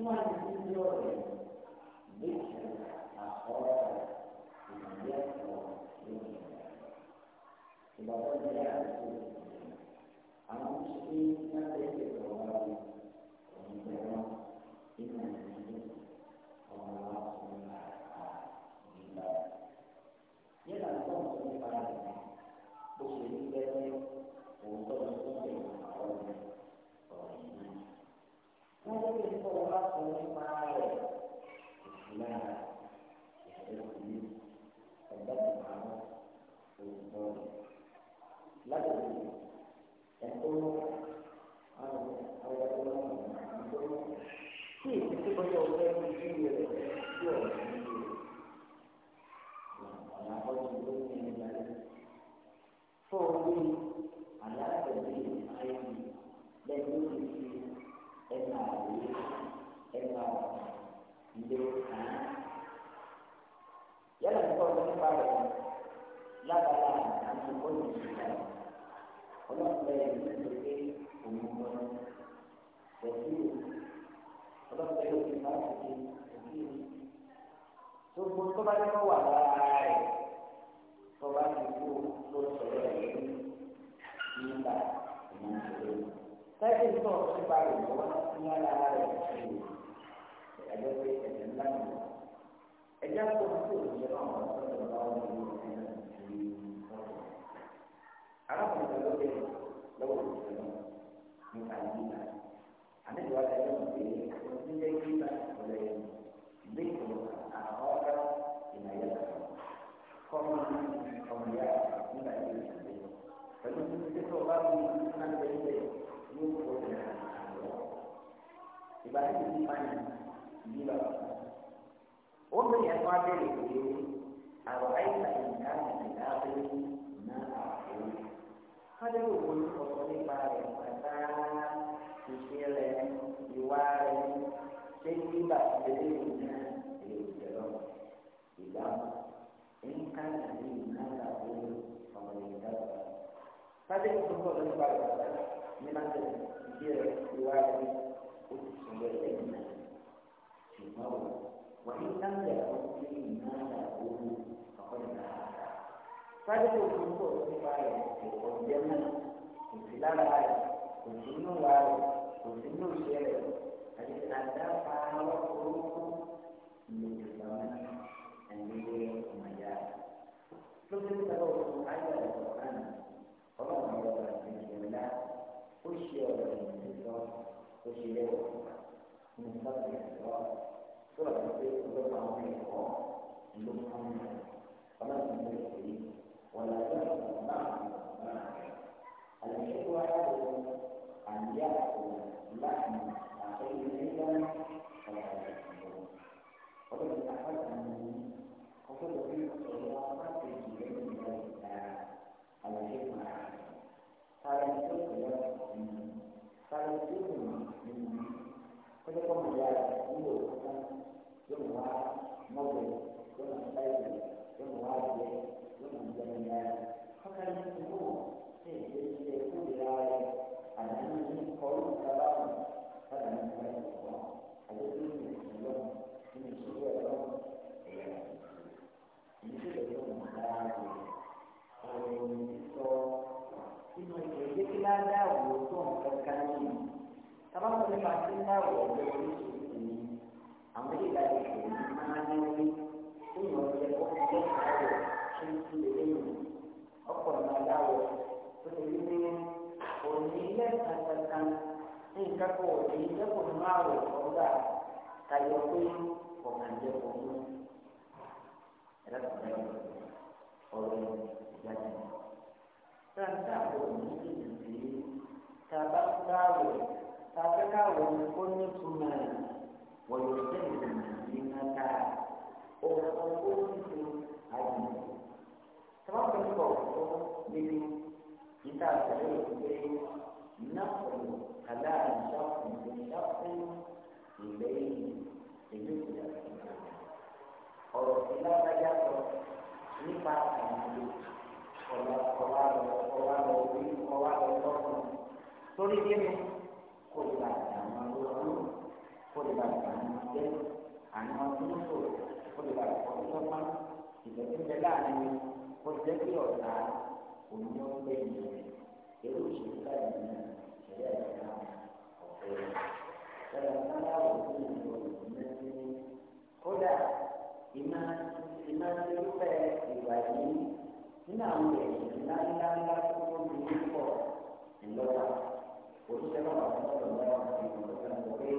tí ti fi ní ọ̀rẹ́ méjì àkọ́rọ́ ìdílé ẹ̀kọ́ lónìí. Ìbàdàn ìdílé àti àwọn mùsùlùmí náà lè ṣe هذه الخطوة اللي بعد لما تدير الواجب وتسلم في الموت وإن لم يكن فيه ما يقول فقد هذا فهذه الخطوة اللي بعد قدمنا خلال هذا continua o ar, continua o cheiro, a gente até fala pouco no programa, em meio a uma Você está ouvindo, ai, خشي والاستغفار خشي له من فضل الله سورة الفيل تطلع من القرآن ìmọ̀ ìmọ̀ irúfẹ́ ìwà yìí nínú àwọn ẹ̀sìn ńláńláńlá tó wọ́n ti ń pọ̀ ńlọ́wà òṣìṣẹ́ náà wà fún ọ̀dọ̀ náà ti ń pọ̀ lọ́wọ́ pé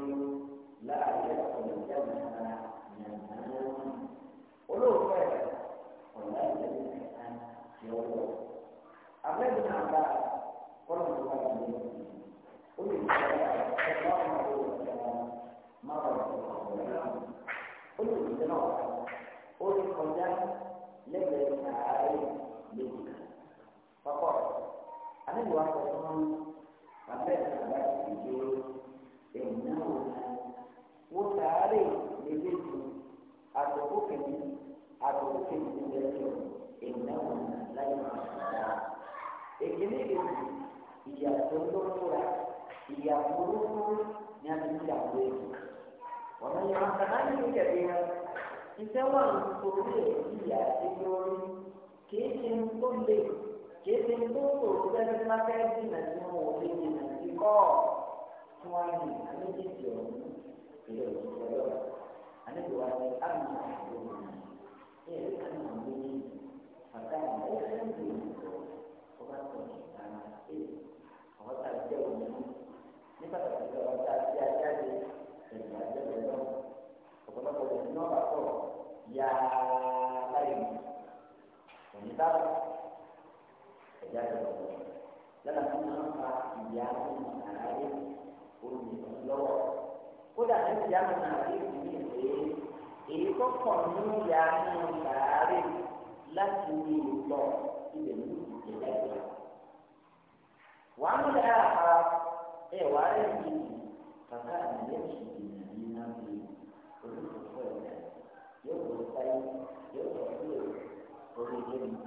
láàyè ọ̀dọ̀ ìjọba náà yàrá lọ́wọ́ olóòfẹ́ ọ̀la ìjọba náà yọ̀wọ̀ abẹ́bí náà bá kọ́lọ̀ tó bá yẹ ó lè jẹ́ ọ̀la ọ̀la ọ̀la máa wà lọ́wọ́ olùdíje náà ó ti kọjá lẹ́gbẹ̀ẹ́ ààrẹ lẹ́yìn kọ́kọ́ àlejò wa sọ fún bàbá ẹ̀ bàbá ti di ẹ̀yìn náà wọ́n sàárè lẹ́gbẹ̀ẹ́ àtọ̀kọ́ kẹ̀mí àtọ̀kọ́ kẹ̀mí ti bẹ̀rẹ̀ ẹ̀yìn náà láyé máa sọ̀rọ̀ èkìní ìdòwò ìyàtọ̀ lọ́wọ́ ìyàtọ̀ lọ́wọ́ ni a ti ń yàgò ومن يتملك بها ìtẹ́wà ń torí ìyá ìgbé orí kìí ṣe ń tó lè kìí ṣe ń tó tòrò lẹ́nu lábẹ́ dìnnà tí wọn ò lè dìnnà sí kọ́ fún wa ní àméjèèjì ọ̀hún ìlú òṣìṣẹ́ lọ́wọ́ àlejò wa ní àmì ìṣòro ní ẹ̀rí kan náà ní bàtà ìwé fún ìlú ọba tó ní ìlànà ṣe ọba tá a jẹ́ òun ní pàtàkì ọba ọ̀pọ̀lọpọ̀ ọ̀dọ̀ ní ọ̀bà pọ̀ ya láyé mi òní bá ẹ̀já lọ lọ́la tó máa ń fa ìyá nínú àlàyé omi lọ́wọ́ kódà ní ìyá nínú àlàyé mi pé èyí tó pọ̀ nínú ìyá nínú àlàyé láti ní ìlọ ibẹ̀ ní ìdíje lẹ́yìn. wàá mú lẹ́yìn àpá ẹ̀ wàá rẹ̀ yìí kàkà ìyẹ́sì ìdíje náà bíi olùdókòwò yóò lọ sáyé yóò lọ sí orí ilé mi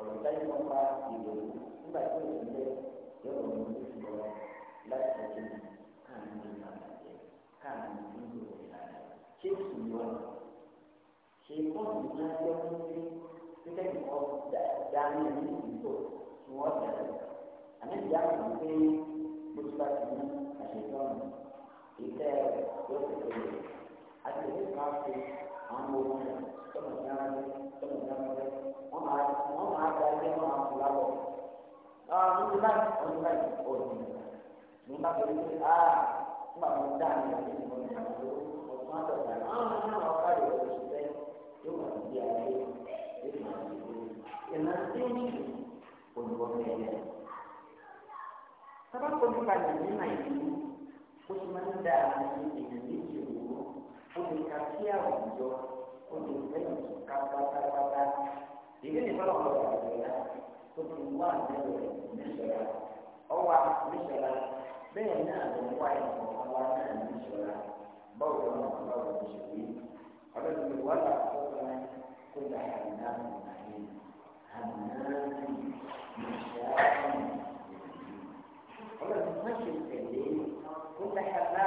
ọ̀rọ̀ sáyé wọn bá ìlú nígbà tí òun lé yóò lọ sí ìlú lọ láti ọjọ́ mi káàmì ní ìlànà rẹ̀ káàmì ní ìlú ìlànà rẹ̀ ṣé kì í wọ́n ṣe kóòtù náà yọ fún mi nígbà tí wọ́n dá ní ìlú ìlú tí wọ́n bẹ̀rẹ̀ àmì ìyá mi pé bó ti bá ti ní àṣetọ́nù ìtẹ́ yóò tẹ̀lé àti ìwé ká fi àwọn ohun rẹ̀ tọ̀nà dáadé tọ̀nà dáadé wọ́n máa da ilé wọn àwọn fúláwọ̀. Àwọn ọmọdé báyìí ọdún báyìí ọdún ní bá tó lé a nígbà tó dá ní ọdún ní ọdún àwọn ọdún àtọ̀tà àwọn ọmọdé náà wọ́n káyọ̀ ọdún ṣiṣẹ́ yóò máa di ayé yóò máa di ìwé. Ìlànà tí ó ní olùkọ́ mẹ́rin. Sábà kọ́ nípa ìlànà ìlú, ó ti máa ń dá àwọn ènìyàn méjì ó lè ka kí àwùjọ ó lè lẹ́yìn tó ká pátápátá ìdí nìkan ọ̀rọ̀ àgbẹ̀yà tó ti wá àgbẹ̀rẹ̀ níṣọ̀ra ọwà níṣọ̀ra bẹ́ẹ̀ náà ló wá ẹ̀kọ́ ọwà náà níṣọ̀ra bọ́ọ̀lù náà bọ́ọ̀lù níṣòwé ọlọ́dún mi wà láàkókò kó dà àná àyè àná níṣẹ́ ọlọ́dún mẹ́sẹ̀ tẹ̀lé kó dà àná.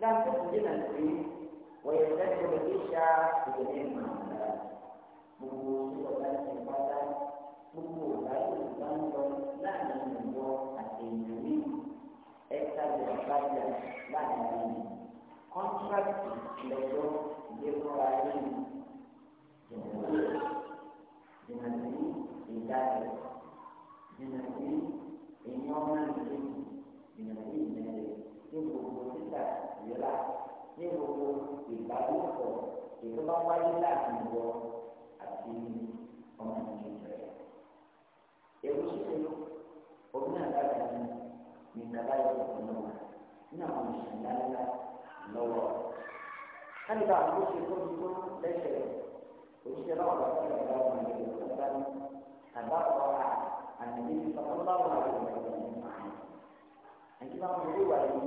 لم تخرج الفيل ويلتزم العشاء بجميع المعاملات بوجود وقت الفتى بوجود البنك لا نملك التنمية أكثر من لا نملك contract لجو ديمورالين جمهورية جمهورية إدارة ìbálòpọ̀ ètò bá wáyé láàrin ìwọ àti ọmọ ìjọba rẹ̀. Èrò ṣíṣe omi náà dára ní ní ìdábáyọ̀ ọ̀pọ̀ náà nínú àwọn ìṣẹ̀lẹ̀ ńláńlá lọ́wọ́. Kálíbà àbúrò ṣe tó ti tó lẹ́sẹ̀ òṣìṣẹ́ náà wà fún ìgbà wọn ní ìlú ọ̀gá ní àbá ọ̀rá ànàbí ìfọ̀kànláwọ̀ àwọn ìgbà wọn ní àná. Àyíká wọn ló wà ní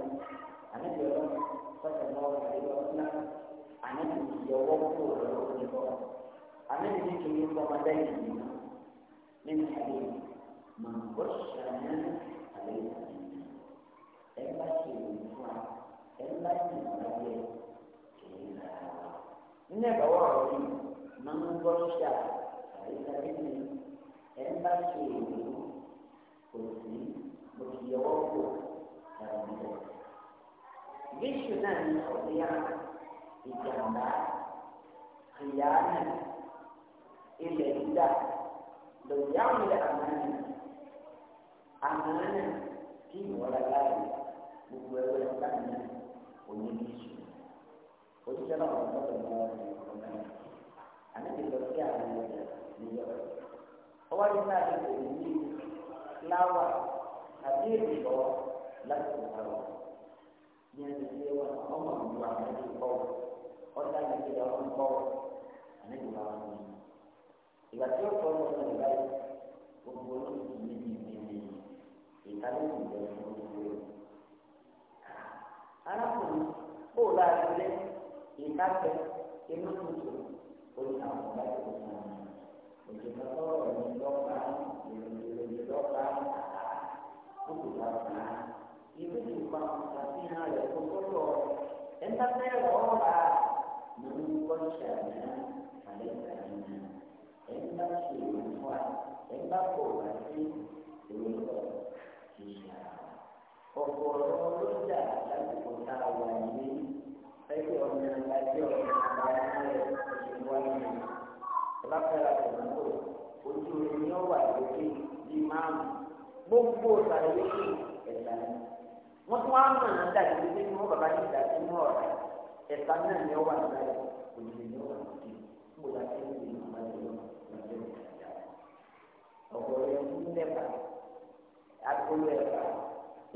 àníbẹ̀rẹ̀ sọ́kànláwọ̀ àyíká wọn náà ànábì ti ọwọ́ kó lọ́wọ́ níbọ̀ ànábì ti kì í fọmọdé yìí nínú ìlú màgbọ́ sàmì àlẹ́ yìí ẹ bá ṣe ìlú fún wa ẹ bá ṣe ìgbàgbé kìí ra wa. nínú ẹ̀ka wọ́n rọ̀ yìí màgbọ́ sàmì àlẹ́ yìí ẹ bá ṣe ìlú kò sí mo ti ọwọ́ kó lọ́wọ́ níbọ̀. bí ṣùgbọ́n ní ọ̀gbìn ìjàmbá ìyáàmì ilẹ̀ dídá lòdì àwọn ilẹ̀ àmàlẹ̀ àmàlẹ̀ kí ìwọ́lá láàyè gbogbo ẹgbẹ́ ọ̀gá mi oníbi ìṣù òṣìṣẹ́ náà wọ́n tọ́jú ní ọ̀rọ̀ ní ọ̀rọ̀ náà àníbi lọ sí àwọn ọ̀gá ní ọ̀rọ̀ ọwọ́ yìí náà ti pè ní fúláwà àbí èdè lọ láti ọ̀rọ̀ ní ẹni tí wọ́n ọmọ ìlú àwọn ẹni kọ́ wọn ọ̀tá ìdíje lọ ń kọ́ àníbi máa ń mú ìgbà tí ó kọ́ ọ́ lọ́wọ́ ìgbà yìí gbogbo olóòtú mi ní ìdíje ìtàlẹ́kùn ìjọba ní gbogbo rẹ̀. Ah, arákùnrin kó o láti lé ìtàkẹ́ inú tuntun orí àwọn ọ̀gá ìlú náà òṣèlú ọ̀rọ̀ ní lọ́pàá ìròyìn lọ́pàá àkókò lọ́pàá ìlú ìpamọ́ àti ìhàn rẹ̀ kó tó lọ ẹ̀ńtàfẹ́ rọ̀ ọ́ bá a. وشانا عليك منا إن بشي وفوا إن بقوا بشي ويقول إشاء ọ̀pọ̀lọpọ̀ ló dà lásìkò tá a wà ní ẹgbẹ́ ọ̀nà ìdájọ́ àbáyé ìwáyé ọlápẹ̀lá tòmátò ojú omi ni ó wà lókè bí márùn-ún gbogbo ìsàlẹ̀ lókè ẹ̀dá ni wọ́n tún wá mọ̀ náà dàbí pé wọ́n bàbá yìí dàbí mọ́ ọ̀rá ẹ̀ka náà ni ó wà lókè akolo ẹ̀ka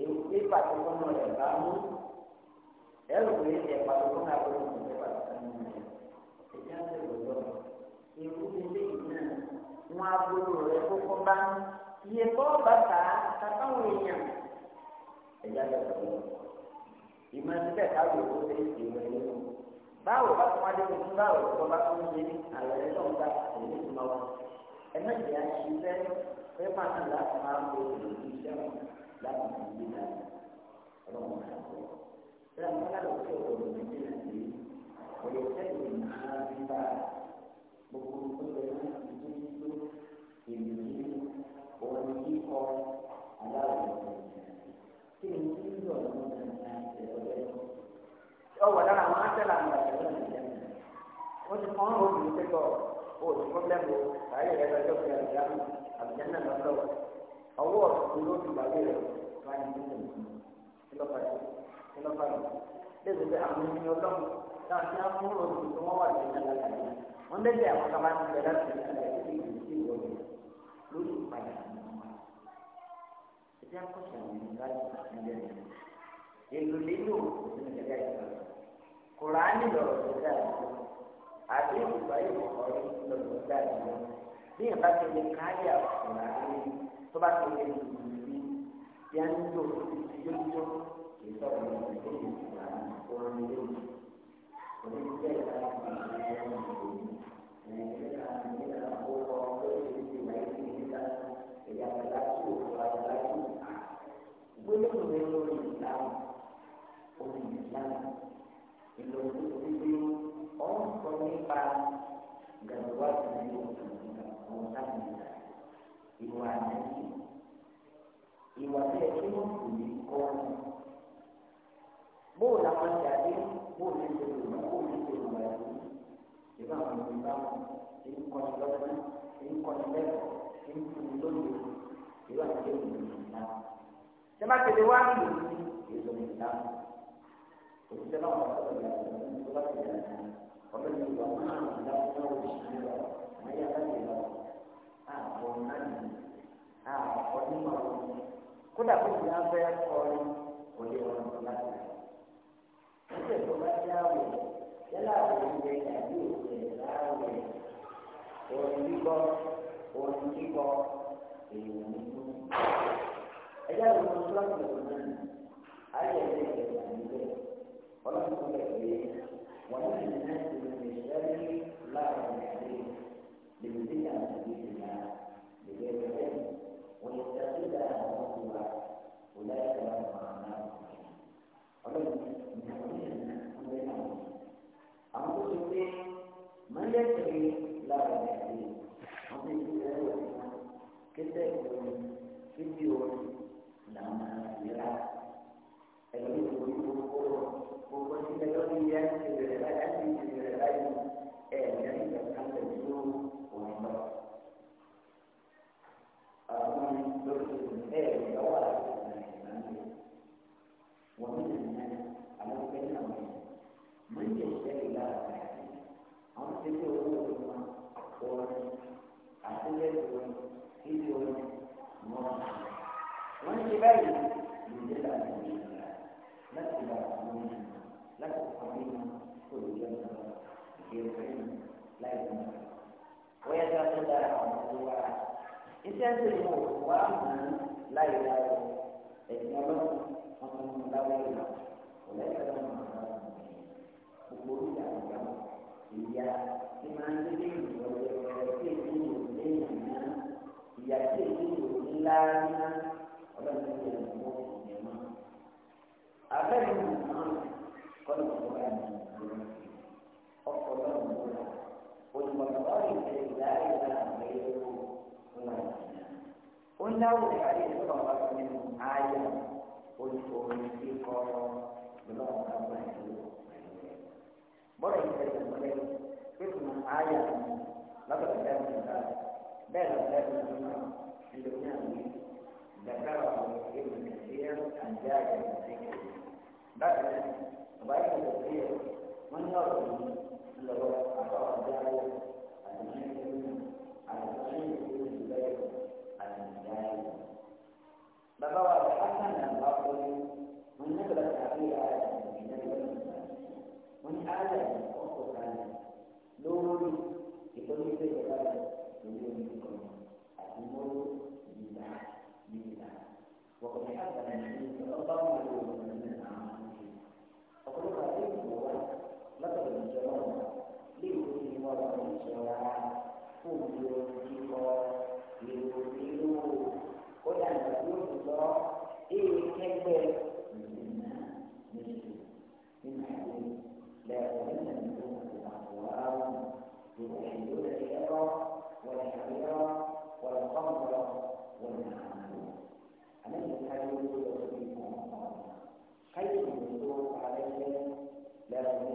èyí pépà tó kọ́ náà ẹ̀ka mú ẹ̀rù pé ẹ̀ka tó kọ́ náà kọ́ náà pépà tó kọ́ náà ẹ̀ka tó kọ́ náà èkó tẹ̀lé yìí náà wọn agbóró rẹ kókó bá yẹ kọ́ bàtà kàtàwọn èèyàn ẹ̀ka tó kọ́ náà ìmọ̀ ẹ̀ka tó kọ́ náà ẹ̀ka tó kọ́ náà báwo bá tún wájú kò tún báwo tó bá tún yé àlàyé náà gba èyí tó máa wọ ẹnà ìyá ṣiṣẹ́ pé máa tún láti máa lo èyí iṣẹ́ wọn láti fi yé náà ọlọ́run náà kọ́ bí a máa lọ sí ọ̀rọ̀ ìdílé náà yé ọ̀rọ̀ ìṣẹ́yìn náà ń bá gbogbo ọ̀rọ̀ náà ti tún ní tó èmi ní òun kíkọ aláwọ̀ ọ̀rọ̀ kí ni kí ni ọ̀rọ̀ náà ń bá ẹ̀rọ ẹ̀rọ ọwọ́ lára àwọn ánsẹ́là ń bàjẹ́ lọ́nà ìjẹ́ wọ́n ti fọ́n ó yìí pẹ́kọ̀ ó ti pọ́blẹ́mù káyé rẹ̀ lọ́jọ́ fi àbíyá mi àbíyá náà lọ́sọ̀ ọwọ́ ọ̀tún ló ti gbàgbé rẹ̀ láyé nínú ìlọ́pàdé ìlọ́pàdé lẹ́sìn pé àwọn ènìyàn ọlọ́run náà ti á fún òògùn tó wọ́n wà ní ìjọba yìí wọ́n lẹ́sẹ̀ àwọn kaba ti bẹ̀rẹ̀ láti ìjọba yìí lórí ìpadà ìjọba kọ̀ọ̀ṣà ní ìgbà ìjọba èlò lẹ́yìn òògùn ní ìjọba yìí kùránì lọ̀rọ̀ tó dáa àti ìgbàlẹ̀ ìkọ̀rí lọ̀rọ̀ tó dáa bí ìbá ti lè káyà kùránì tó bá ti lè lùlù sí bí a ń lò lójó kì í sọ̀rọ̀ lọ́wọ́ ìdílé ìgbà orin lójó oníṣẹ́ ìgbà ìgbà ìgbà ìgbà ìgbà ìlòwò wípé ó ń sọ nípa gàdúrà ìlú ọ̀hún láti ìgbà ìwà àdéhùn ìwà bẹ́ẹ̀ kí wọ́n sì ní kọ́ ọ́n. bóòlù àwọn ìdàdé bóòlù ìṣe yorùbá bóòlù ìṣe yorùbá yìí ìbá àwọn yorùbá ti ń kọ́ni lọ́gbọ́n ti ń kọ́ni lẹ́kọ̀ọ́ ti ń fún un lóye ìwà ìṣe yorùbá. sẹ́mbàtẹ̀lẹ̀ wá ń lò ní èso ìlànà òṣìṣẹ́ náà wà lọ́wọ́ ìyá rẹ̀ ní tó bá ti yà ní ọ̀rẹ́ mi wà máa ń dá ọ̀rọ̀ òṣìṣẹ́ lọ àmọ́yá láti lọ àbọ̀ náà ní àbọ̀ nímọ̀ ọ̀rọ̀ kódà kó ti afẹ́ ọ̀rọ̀ kò lè rọrùn láti rẹ̀ nígbà tó bá yá wẹ̀ yálà òṣìṣẹ́ àbí òṣìṣẹ́ láàwẹ̀ òrùn kíkọ òrùn kíkọ èèyàn nínú ẹjẹ́ àwọn ọmọ tó láti lọ náà ayẹyẹ ìgbà níbẹ̀. ورحمة الله ونحن الناس من يشتري لا يعلم ليذل عن سبيل الله بغير علم ويستغلها مطلوبا أولئك لهم أعمال من يشتري لا يعلم كده يقول فيديو لما يلعب شيء من بدعة لست معلوم لست قديما كل جنة غير علم لا يتمكن ويتخذها موضوع إنسان تجمعه وأما لا يدعو إجمالا ومن لا يدعو وليس لهم وقولوا لهم ìyá tí máa ń dé ìwọ̀n ìwọ̀n ìwọ̀n ìwọ̀n ìyá tí èyí ò ní láàrín náà. ولو عليه طلب من عالم قلت في قرار بلغة الله بره يتكلم الملك اسم عالم لقد كان من ذلك بلغ ذلك اللي بنعمل ذكره ابن كثير عن جابر بن ذكر بعد وبعد كثير من يرضي الا هو اعطاه جابر عن عن سعيد بن جبير عن مجاهد بقى الحسن البصري من نزلت عليه من النبي من آية أخرى لولي يقول لي من كتابه وقد حصل أن تتطور من الأعمال فكل هذه الأمور لقد الجواب لكل مرة الجواب كل يوم ليقولوا قل أن تقول الله إيه كذب مما مثل من حديث لا أؤمن منكم الأقوام يوحدون الشر والحرير والخمر Thank you.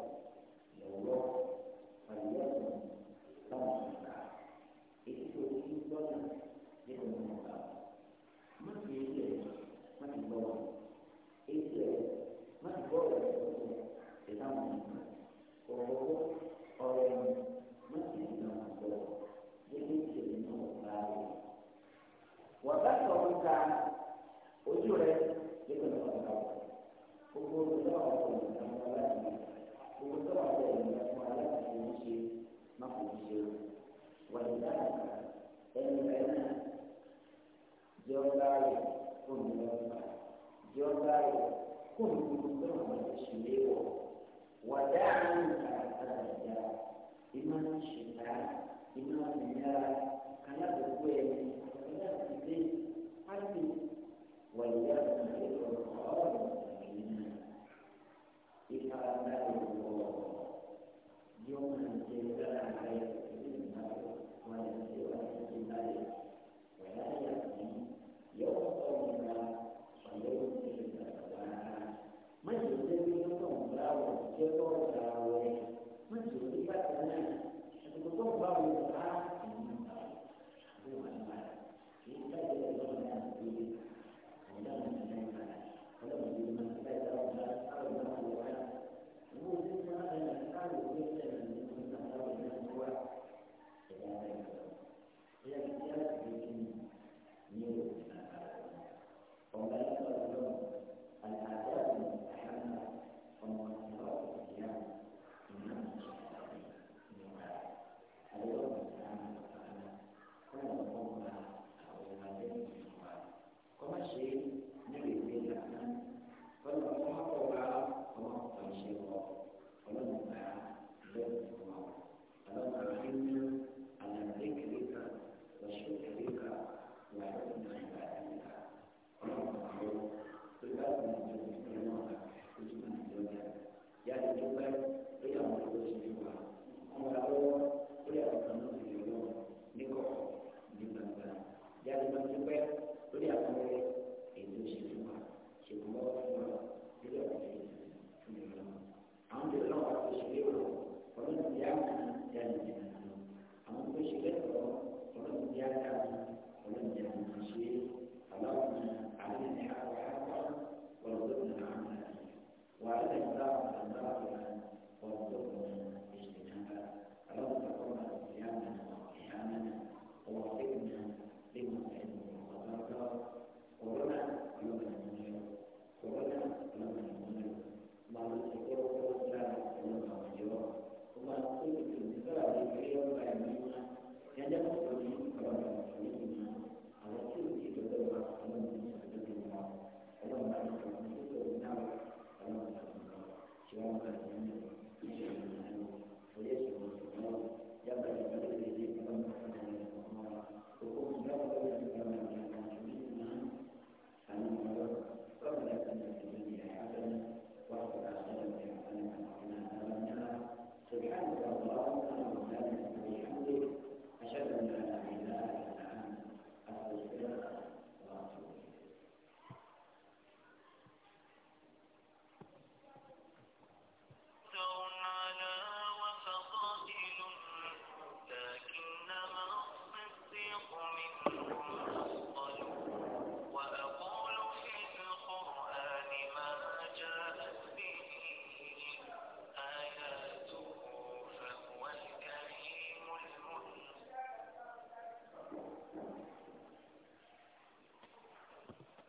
fóònù.